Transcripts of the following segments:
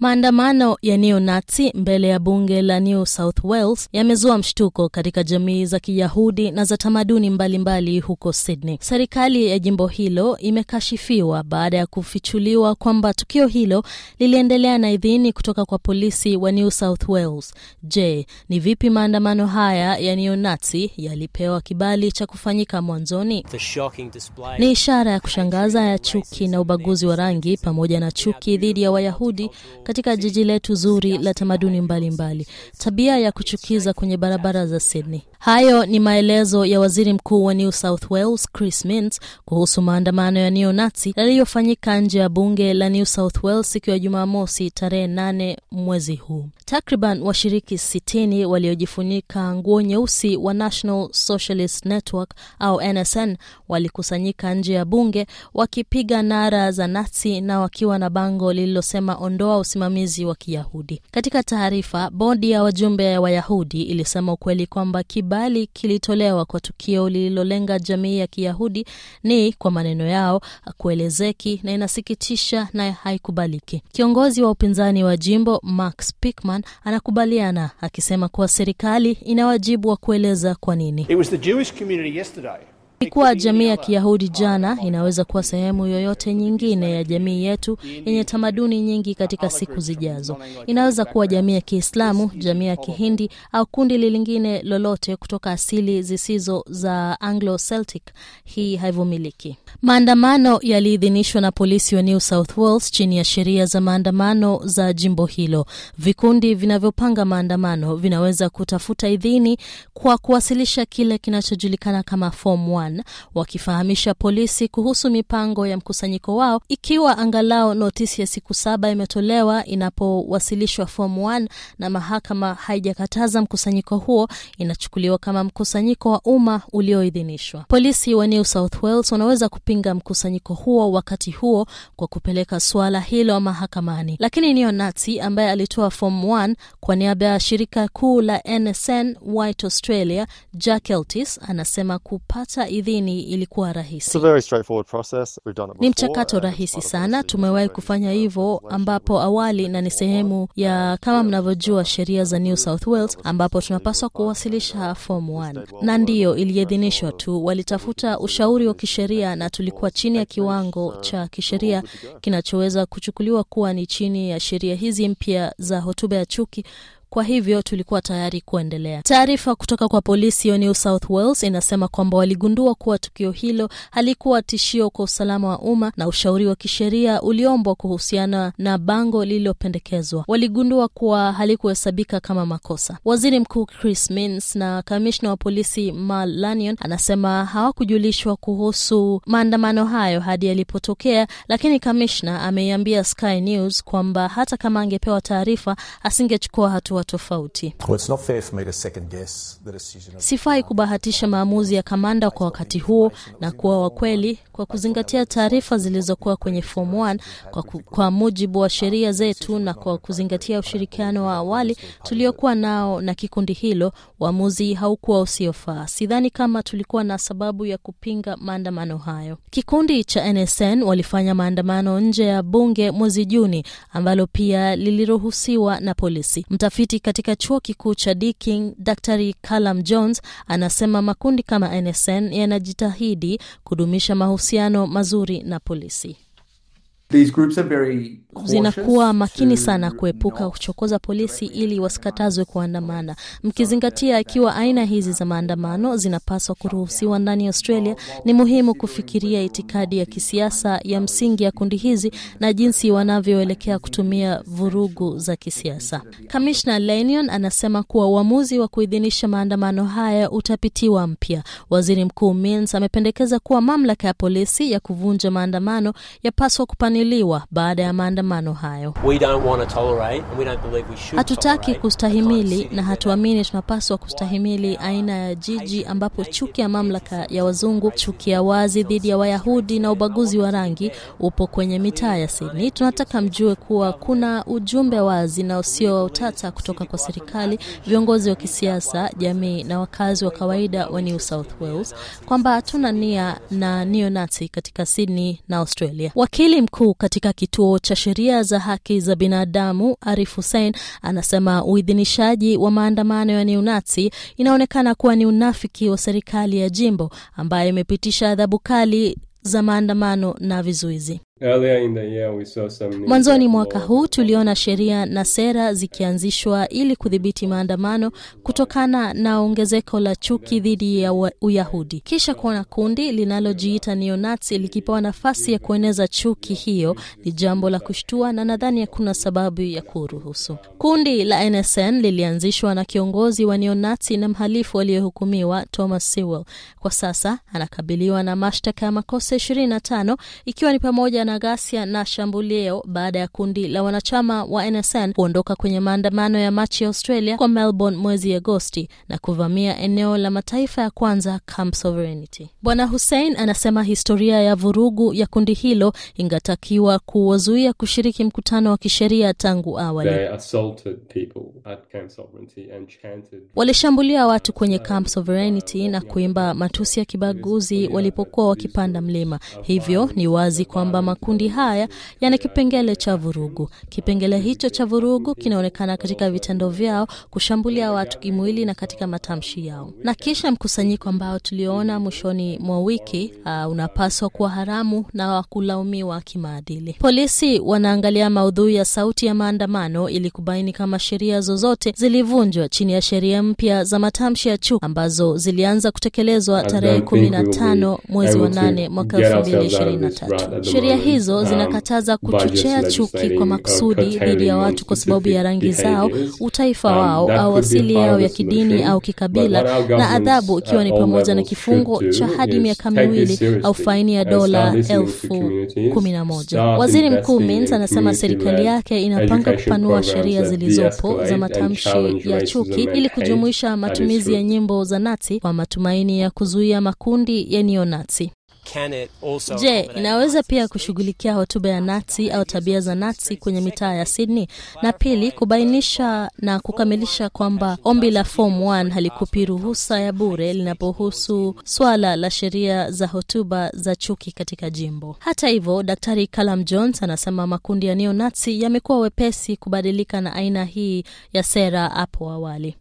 Maandamano ya neonati mbele ya bunge la New South Wales yamezua mshtuko katika jamii za Kiyahudi na za tamaduni mbalimbali mbali huko Sydney. Serikali ya jimbo hilo imekashifiwa baada ya kufichuliwa kwamba tukio hilo liliendelea na idhini kutoka kwa polisi wa New South Wales. Je, ni vipi maandamano haya ya neonati yalipewa kibali cha kufanyika mwanzoni? Ni ishara ya kushangaza ya chuki na ubaguzi wa rangi pamoja na chuki dhidi ya Wayahudi katika jiji letu zuri la tamaduni mbalimbali mbali. Tabia ya kuchukiza kwenye barabara za Sydney Hayo ni maelezo ya waziri mkuu wa New South Wales Chris Minns kuhusu maandamano ya neo nati yaliyofanyika nje ya bunge la New South Wales siku ya Jumamosi tarehe nane mwezi huu. Takriban washiriki sitini waliojifunika nguo nyeusi wa National Socialist Network au NSN walikusanyika nje ya bunge wakipiga nara za Nazi na wakiwa na bango lililosema ondoa usimamizi wa Kiyahudi. Katika taarifa, bodi ya wajumbe wa Yahudi ilisema ukweli kwamba kibali kilitolewa kwa tukio lililolenga jamii ya Kiyahudi ni kwa maneno yao kuelezeki na inasikitisha na haikubaliki. Kiongozi wa upinzani wa jimbo Max pickman anakubaliana akisema kuwa serikali ina wajibu wa kueleza kwa nini. It was the ikuwa jamii ya Kiyahudi jana inaweza kuwa sehemu yoyote nyingine ya jamii yetu yenye tamaduni nyingi katika siku zijazo. Inaweza kuwa jamii ya Kiislamu, jamii ya Kihindi au kundi lingine lolote kutoka asili zisizo za Anglo-Celtic. Hii haivumiliki. Maandamano yaliidhinishwa na polisi wa New South Wales chini ya sheria za maandamano za jimbo hilo. Vikundi vinavyopanga maandamano vinaweza kutafuta idhini kwa kuwasilisha kile kinachojulikana kama form 1 Sudan wakifahamisha polisi kuhusu mipango ya mkusanyiko wao, ikiwa angalau notisi ya siku saba imetolewa inapowasilishwa form 1 na mahakama haijakataza mkusanyiko huo, inachukuliwa kama mkusanyiko wa umma ulioidhinishwa. Polisi wa New South Wales wanaweza kupinga mkusanyiko huo wakati huo kwa kupeleka suala hilo mahakamani, lakini niyo nati ambaye alitoa form 1 kwa niaba ya shirika kuu la NSN White Australia, Jack Eltis anasema kupata idhini ilikuwa rahisi. Ni mchakato rahisi sana, tumewahi kufanya hivyo ambapo awali, na ni sehemu ya kama mnavyojua sheria za New South Wales, ambapo tunapaswa kuwasilisha form 1 na ndiyo iliidhinishwa tu. Walitafuta ushauri wa kisheria na tulikuwa chini ya kiwango cha kisheria kinachoweza kuchukuliwa kuwa ni chini ya sheria hizi mpya za hotuba ya chuki kwa hivyo tulikuwa tayari kuendelea. Taarifa kutoka kwa polisi ya New South Wales inasema kwamba waligundua kuwa tukio hilo halikuwa tishio kwa usalama wa umma na ushauri wa kisheria uliombwa kuhusiana na bango lililopendekezwa. Waligundua kuwa halikuhesabika kama makosa. Waziri Mkuu Chris mins na kamishna wa polisi Mal lanion anasema hawakujulishwa kuhusu maandamano hayo hadi yalipotokea, lakini kamishna ameiambia Sky News kwamba hata kama angepewa taarifa asingechukua hatua kuelewa tofauti. Sifai kubahatisha maamuzi ya kamanda kwa wakati huo na kuwa wa kweli kwa kuzingatia taarifa zilizokuwa kwenye form 1 kwa, kwa mujibu wa sheria zetu na kwa kuzingatia ushirikiano wa awali tuliokuwa nao na kikundi hilo, uamuzi haukuwa usiofaa. Sidhani kama tulikuwa na sababu ya kupinga maandamano hayo. Kikundi cha NSN walifanya maandamano nje ya bunge mwezi Juni ambalo pia liliruhusiwa na polisi. Mtafiti mtafiti katika chuo kikuu cha Deakin Dr. Callum Jones anasema makundi kama NSN yanajitahidi kudumisha mahusiano mazuri na polisi zinakuwa makini sana kuepuka kuchokoza polisi ili wasikatazwe kuandamana, mkizingatia ikiwa aina hizi za maandamano zinapaswa kuruhusiwa ndani ya Australia. Ni muhimu kufikiria itikadi ya kisiasa ya msingi ya kundi hizi na jinsi wanavyoelekea kutumia vurugu za kisiasa. Kamishna lenion anasema kuwa uamuzi wa kuidhinisha maandamano haya utapitiwa mpya. Waziri Mkuu mins amependekeza kuwa mamlaka ya polisi ya kuvunja maandamano yapaswa kupani kuzuiliwa baada ya maandamano hayo. Hatutaki kustahimili na hatuamini tunapaswa kustahimili aina ya jiji ambapo chuki ya mamlaka ya wazungu, chuki ya wazi dhidi ya Wayahudi na ubaguzi wa rangi upo kwenye mitaa ya Sydney. Tunataka mjue kuwa kuna ujumbe wazi na usio wa utata kutoka kwa serikali, viongozi wa kisiasa, jamii na wakazi wa kawaida wa New South Wales kwamba hatuna nia na nionati katika Sydney na Australia. Wakili mkuu mkuu katika kituo cha sheria za haki za binadamu Arif Hussein anasema uidhinishaji wa maandamano ya neonazi inaonekana kuwa ni unafiki wa serikali ya jimbo ambayo imepitisha adhabu kali za maandamano na vizuizi. Mwanzoni mwaka huu tuliona sheria na sera zikianzishwa ili kudhibiti maandamano kutokana na ongezeko la chuki dhidi ya Uyahudi, kisha kuona kundi linalojiita neonazi likipewa nafasi ya kueneza chuki hiyo ni jambo la kushtua, na nadhani hakuna sababu ya kuruhusu. Kundi la NSN lilianzishwa na kiongozi wa neonazi na mhalifu aliyehukumiwa Thomas Sewell. Kwa sasa anakabiliwa na mashtaka ya makosa 25 ikiwa ni pamoja na ghasia na shambulio baada ya kundi la wanachama wa NSN kuondoka kwenye maandamano ya Machi ya Australia kwa Melbourne mwezi Agosti na kuvamia eneo la mataifa ya kwanza Camp Sovereignty. Bwana Hussein anasema historia ya vurugu ya kundi hilo ingatakiwa kuwazuia kushiriki mkutano wa kisheria tangu awali. Walishambulia watu kwenye Camp Sovereignty na kuimba matusi ya kibaguzi walipokuwa wakipanda mlima, hivyo ni wazi kwamba makundi haya yana kipengele cha vurugu. Kipengele hicho cha vurugu kinaonekana katika vitendo vyao, kushambulia watu kimwili na katika matamshi yao. Na kisha mkusanyiko ambao tuliona mwishoni mwa wiki uh, unapaswa kuwa haramu na wakulaumiwa kimaadili. Polisi wanaangalia maudhui ya sauti ya maandamano ili kubaini kama sheria zozote zilivunjwa chini ya sheria mpya za matamshi ya chuki ambazo zilianza kutekelezwa tarehe 15 mwezi wa nane mwaka 2023. Sheria hizo um, zinakataza kuchochea chuki kwa makusudi dhidi ya watu kwa sababu ya rangi zao, utaifa um, wao, au asili yao ya kidini au kikabila, na adhabu uh, ikiwa ni pamoja na kifungo cha hadi miaka miwili au faini ya dola elfu kumi na moja. Waziri Mkuu Mins anasema serikali yake inapanga kupanua sheria zilizopo za matamshi ya chuki ili kujumuisha matumizi ya nyimbo za Nazi kwa matumaini ya kuzuia makundi ya neo Je, inaweza pia kushughulikia hotuba ya Nazi au tabia za Nazi kwenye mitaa ya Sydney? Na pili, kubainisha na kukamilisha kwamba ombi la Form 1 halikupi ruhusa ya bure linapohusu swala la sheria za hotuba za chuki katika jimbo. Hata hivyo, Daktari Callum Jones anasema makundi ya neo-Nazi yamekuwa wepesi kubadilika na aina hii ya sera hapo awali.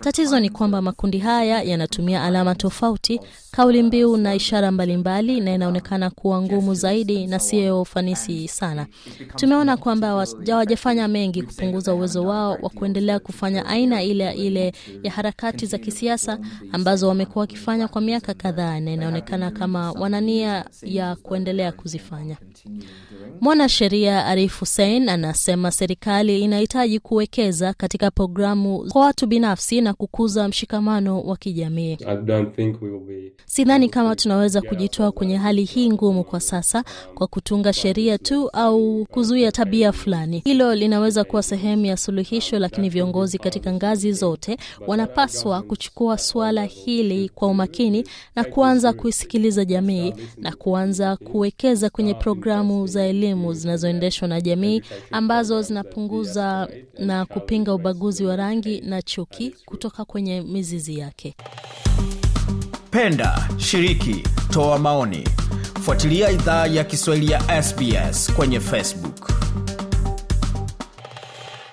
Tatizo ni kwamba makundi haya yanatumia alama tofauti, kauli mbiu na ishara mbalimbali mbali, na inaonekana kuwa ngumu zaidi na siyo ufanisi sana. Tumeona kwamba hawajafanya mengi kupunguza uwezo wao wa kuendelea kufanya aina ile ile ya harakati za kisiasa ambazo wamekuwa wakifanya kwa miaka kadhaa, na inaonekana kama wana nia ya kuendelea kuzifanya. Mwanasheria Arif Hussein anasema serikali inaita wanahitaji kuwekeza katika programu kwa watu binafsi na kukuza mshikamano wa kijamii. Sidhani kama tunaweza kujitoa kwenye hali hii ngumu kwa sasa kwa kutunga sheria tu au kuzuia tabia fulani. Hilo linaweza kuwa sehemu ya suluhisho, lakini viongozi katika ngazi zote wanapaswa kuchukua suala hili kwa umakini na kuanza kuisikiliza jamii na kuanza kuwekeza kwenye programu za elimu zinazoendeshwa na jamii ambazo zinapunguza na, kupinga ubaguzi wa rangi na chuki kutoka kwenye mizizi yake. Penda, shiriki, toa maoni. Fuatilia idhaa ya Kiswahili ya SBS kwenye Facebook.